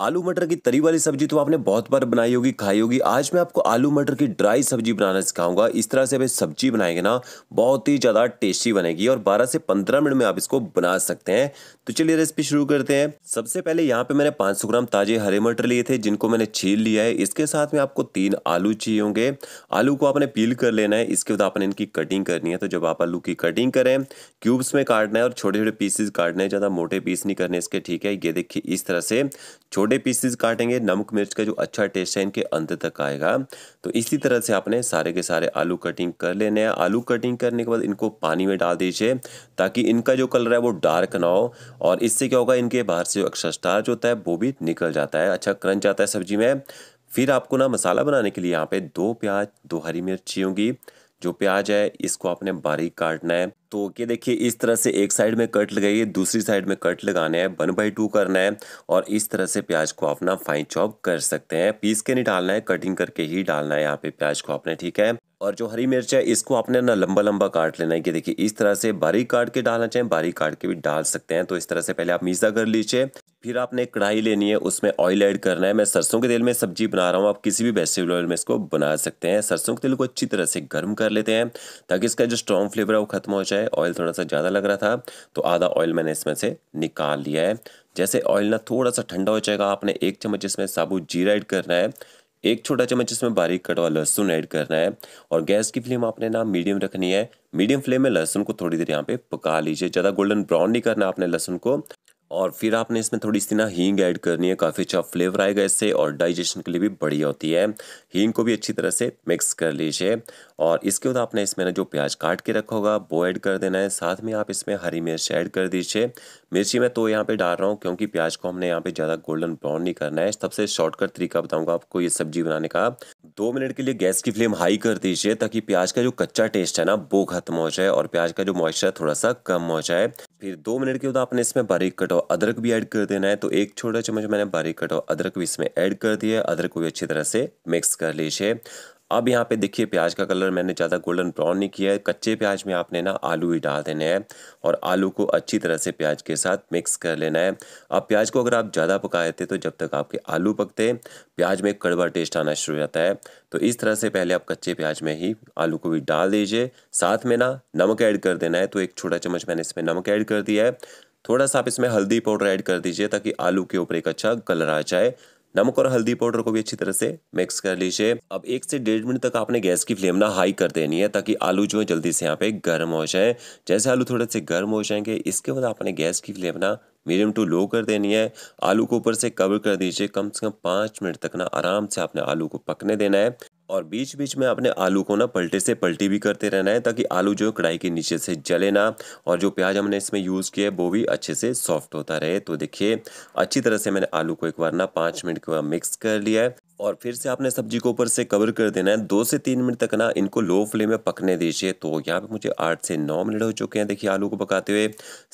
आलू मटर की तरी वाली सब्जी तो आपने बहुत बार बनाई होगी खाई होगी आज मैं आपको आलू मटर की ड्राई सब्जी बनाना सिखाऊंगा इस तरह से आप सब्जी बनाएंगे ना बहुत ही ज़्यादा टेस्टी बनेगी और 12 से 15 मिनट में आप इसको बना सकते हैं तो चलिए रेसिपी शुरू करते हैं सबसे पहले यहाँ पे मैंने पांच ग्राम ताजे हरे मटर लिए थे जिनको मैंने छील लिया है इसके साथ में आपको तीन आलू चाहिए होंगे आलू को आपने पील कर लेना है इसके बाद आपने इनकी कटिंग करनी है तो जब आप आलू की कटिंग करें क्यूब्स में काटना है और छोटे छोटे पीसेज काटने है ज़्यादा मोटे पीस नहीं करने इसके ठीक है ये देखिए इस तरह से छोटे पीसेस काटेंगे नमक मिर्च का जो अच्छा टेस्ट है इनके अंत तक आएगा तो इसी तरह से आपने सारे के सारे आलू कटिंग कर लेने हैं आलू कटिंग करने के बाद इनको पानी में डाल दीजिए ताकि इनका जो कलर है वो डार्क ना हो और इससे क्या होगा इनके बाहर से जो एक्स्ट्रा स्टार्च होता है वो भी निकल जाता है अच्छा क्रंच आता है सब्जी में फिर आपको ना मसाला बनाने के लिए यहाँ पे दो प्याज दो हरी मिर्ची होंगी जो प्याज है इसको आपने बारीक काटना है तो ये देखिए इस तरह से एक साइड में कट लगाइए दूसरी साइड में कट लगाने हैं वन बाई टू करना है और इस तरह से प्याज को अपना फाइन चॉप कर सकते हैं पीस के नहीं डालना है कटिंग करके ही डालना है यहाँ पे प्याज को आपने ठीक है और जो हरी मिर्च है इसको आपने ना लंबा लंबा काट लेना है कि देखिए इस तरह से बारीक काट के डालना चाहें बारीक काट के भी डाल सकते हैं तो इस तरह से पहले आप मीज़ा कर लीजिए फिर आपने कढ़ाई लेनी है उसमें ऑयल ऐड करना है मैं सरसों के तेल में सब्जी बना रहा हूँ आप किसी भी वेजिटेबल ऑयल में इसको बना सकते हैं सरसों के तेल को अच्छी तरह से गर्म कर लेते हैं ताकि इसका जो स्ट्रॉन्ग फ्लेवर है वो खत्म हो जाए ऑयल थोड़ा सा ज़्यादा लग रहा था तो आधा ऑयल मैंने इसमें से निकाल लिया है जैसे ऑयल ना थोड़ा सा ठंडा हो जाएगा आपने एक चम्मच इसमें साबुत जीरा ऐड करना है एक छोटा चम्मच इसमें बारीक कटवा लहसुन ऐड करना है और गैस की फ्लेम आपने ना मीडियम रखनी है मीडियम फ्लेम में लहसुन को थोड़ी देर यहाँ पे पका लीजिए ज़्यादा गोल्डन ब्राउन नहीं करना आपने लहसुन को और फिर आपने इसमें थोड़ी सी ना हींग ऐड करनी है काफ़ी अच्छा फ्लेवर आएगा इससे और डाइजेशन के लिए भी बढ़िया होती है हींग को भी अच्छी तरह से मिक्स कर लीजिए और इसके बाद आपने इसमें ना जो प्याज काट के रखा होगा वो ऐड कर देना है साथ में आप इसमें हरी मिर्च ऐड कर दीजिए मिर्ची मैं तो यहाँ पे डाल रहा हूँ क्योंकि प्याज को हमने यहाँ पे ज़्यादा गोल्डन ब्राउन नहीं करना है सबसे शॉर्टकट तरीका बताऊँगा आपको ये सब्जी बनाने का दो मिनट के लिए गैस की फ्लेम हाई कर दीजिए ताकि प्याज का जो कच्चा टेस्ट है ना वो खत्म हो जाए और प्याज का जो मॉइस्चर थोड़ा सा कम हो जाए फिर दो मिनट के बाद आपने इसमें बारीक कटो अदरक भी ऐड कर देना है तो एक छोटा चम्मच मैंने बारीक कटो अदरक भी इसमें ऐड कर दिया अदरक को भी अच्छी तरह से मिक्स कर लीजिए अब यहाँ पे देखिए प्याज का कलर मैंने ज़्यादा गोल्डन ब्राउन नहीं किया है कच्चे प्याज में आपने ना आलू ही डाल देने हैं और आलू को अच्छी तरह से प्याज के साथ मिक्स कर लेना है अब प्याज को अगर आप ज़्यादा पकाए थे तो जब तक आपके आलू पकते प्याज में कड़वा टेस्ट आना शुरू हो जाता है तो इस तरह से पहले आप कच्चे प्याज में ही आलू को भी डाल दीजिए साथ में ना नमक ऐड कर देना है तो एक छोटा चम्मच मैंने इसमें नमक ऐड कर दिया है थोड़ा सा आप इसमें हल्दी पाउडर ऐड कर दीजिए ताकि आलू के ऊपर एक अच्छा कलर आ जाए नमक और हल्दी पाउडर को भी अच्छी तरह से मिक्स कर लीजिए अब एक से डेढ़ मिनट तक आपने गैस की फ्लेम ना हाई कर देनी है ताकि आलू जो है जल्दी से यहाँ पे गर्म हो जाए जैसे आलू थोड़े से गर्म हो जाएंगे इसके बाद आपने गैस की फ्लेम ना मीडियम टू लो कर देनी है आलू को ऊपर से कवर कर दीजिए कम से कम पाँच मिनट तक ना आराम से आपने आलू को पकने देना है और बीच बीच में आपने आलू को ना पलटे से पलटी भी करते रहना है ताकि आलू जो कढ़ाई के नीचे से जले ना और जो प्याज हमने इसमें यूज़ किया है वो भी अच्छे से सॉफ्ट होता रहे तो देखिए अच्छी तरह से मैंने आलू को एक बार ना पाँच मिनट के बाद मिक्स कर लिया है और फिर से आपने सब्जी को ऊपर से कवर कर देना है दो से तीन मिनट तक ना इनको लो फ्लेम में पकने दीजिए तो यहाँ पे मुझे आठ से नौ मिनट हो चुके हैं देखिए आलू को पकाते हुए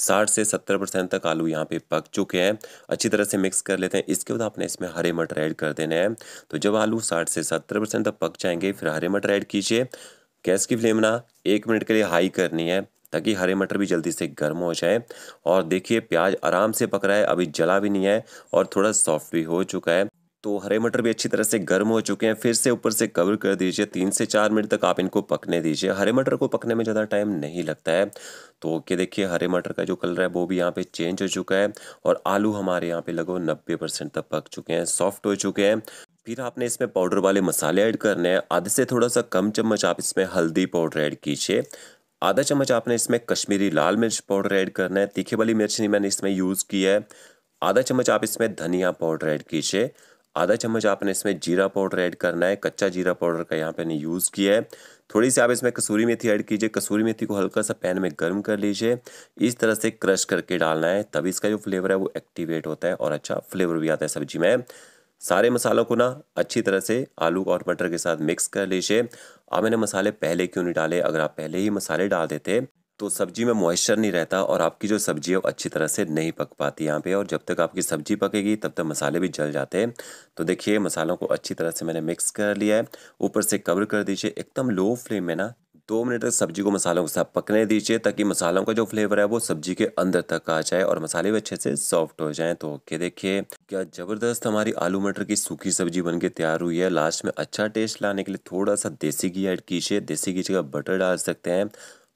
साठ से सत्तर परसेंट तक आलू यहाँ पे पक चुके हैं अच्छी तरह से मिक्स कर लेते हैं इसके बाद आपने इसमें हरे मटर ऐड कर देने हैं तो जब आलू साठ से सत्तर परसेंट तक पक जाएंगे फिर हरे मटर ऐड कीजिए गैस की फ्लेम ना एक मिनट के लिए हाई करनी है ताकि हरे मटर भी जल्दी से गर्म हो जाए और देखिए प्याज आराम से पक रहा है अभी जला भी नहीं है और थोड़ा सॉफ्ट भी हो चुका है तो हरे मटर भी अच्छी तरह से गर्म हो चुके हैं फिर से ऊपर से कवर कर दीजिए तीन से चार मिनट तक आप इनको पकने दीजिए हरे मटर को पकने में ज़्यादा टाइम नहीं लगता है तो ओके देखिए हरे मटर का जो कलर है वो भी यहाँ पे चेंज हो चुका है और आलू हमारे यहाँ पे लगभग नब्बे परसेंट तक पक चुके हैं सॉफ्ट हो चुके हैं फिर आपने इसमें पाउडर वाले मसाले ऐड करने हैं आधे से थोड़ा सा कम चम्मच आप इसमें हल्दी पाउडर ऐड कीजिए आधा चम्मच आपने इसमें कश्मीरी लाल मिर्च पाउडर ऐड करना है तीखे वाली मिर्च नहीं मैंने इसमें यूज़ की है आधा चम्मच आप इसमें धनिया पाउडर ऐड कीजिए आधा चम्मच आपने इसमें जीरा पाउडर ऐड करना है कच्चा जीरा पाउडर का यहाँ पे ने यूज़ किया है थोड़ी सी आप इसमें कसूरी मेथी ऐड कीजिए कसूरी मेथी को हल्का सा पैन में गर्म कर लीजिए इस तरह से क्रश करके डालना है तभी इसका जो फ्लेवर है वो एक्टिवेट होता है और अच्छा फ्लेवर भी आता है सब्जी में सारे मसालों को ना अच्छी तरह से आलू और मटर के साथ मिक्स कर लीजिए अब मैंने मसाले पहले क्यों नहीं डाले अगर आप पहले ही मसाले डाल देते तो सब्जी में मॉइस्चर नहीं रहता और आपकी जो सब्ज़ी है वो अच्छी तरह से नहीं पक पाती यहाँ पे और जब तक आपकी सब्ज़ी पकेगी तब तक मसाले भी जल जाते हैं तो देखिए मसालों को अच्छी तरह से मैंने मिक्स कर लिया है ऊपर से कवर कर दीजिए एकदम लो फ्लेम में ना दो मिनट तक सब्जी को मसालों के साथ पकने दीजिए ताकि मसालों का जो फ्लेवर है वो सब्जी के अंदर तक आ जाए और मसाले भी अच्छे से सॉफ्ट हो जाएं तो ओके देखिए क्या ज़बरदस्त हमारी आलू मटर की सूखी सब्जी बनके तैयार हुई है लास्ट में अच्छा टेस्ट लाने के लिए थोड़ा सा देसी घी ऐड कीजिए देसी घी जगह बटर डाल सकते हैं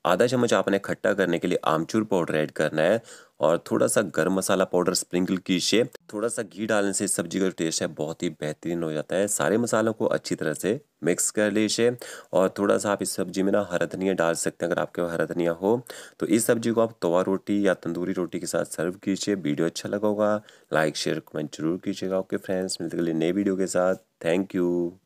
आधा चम्मच आपने खट्टा करने के लिए आमचूर पाउडर ऐड करना है और थोड़ा सा गर्म मसाला पाउडर स्प्रिंकल कीजिए थोड़ा सा घी डालने से सब्जी का जो टेस्ट है बहुत ही बेहतरीन हो जाता है सारे मसालों को अच्छी तरह से मिक्स कर लीजिए और थोड़ा सा आप इस सब्जी में ना हरा धनिया डाल सकते हैं अगर आपके पास हरा धनिया हो तो इस सब्जी को आप तवा रोटी या तंदूरी रोटी के साथ सर्व कीजिए वीडियो अच्छा लगा होगा लाइक शेयर कमेंट जरूर कीजिएगा ओके फ्रेंड्स मिलते नए वीडियो के साथ थैंक यू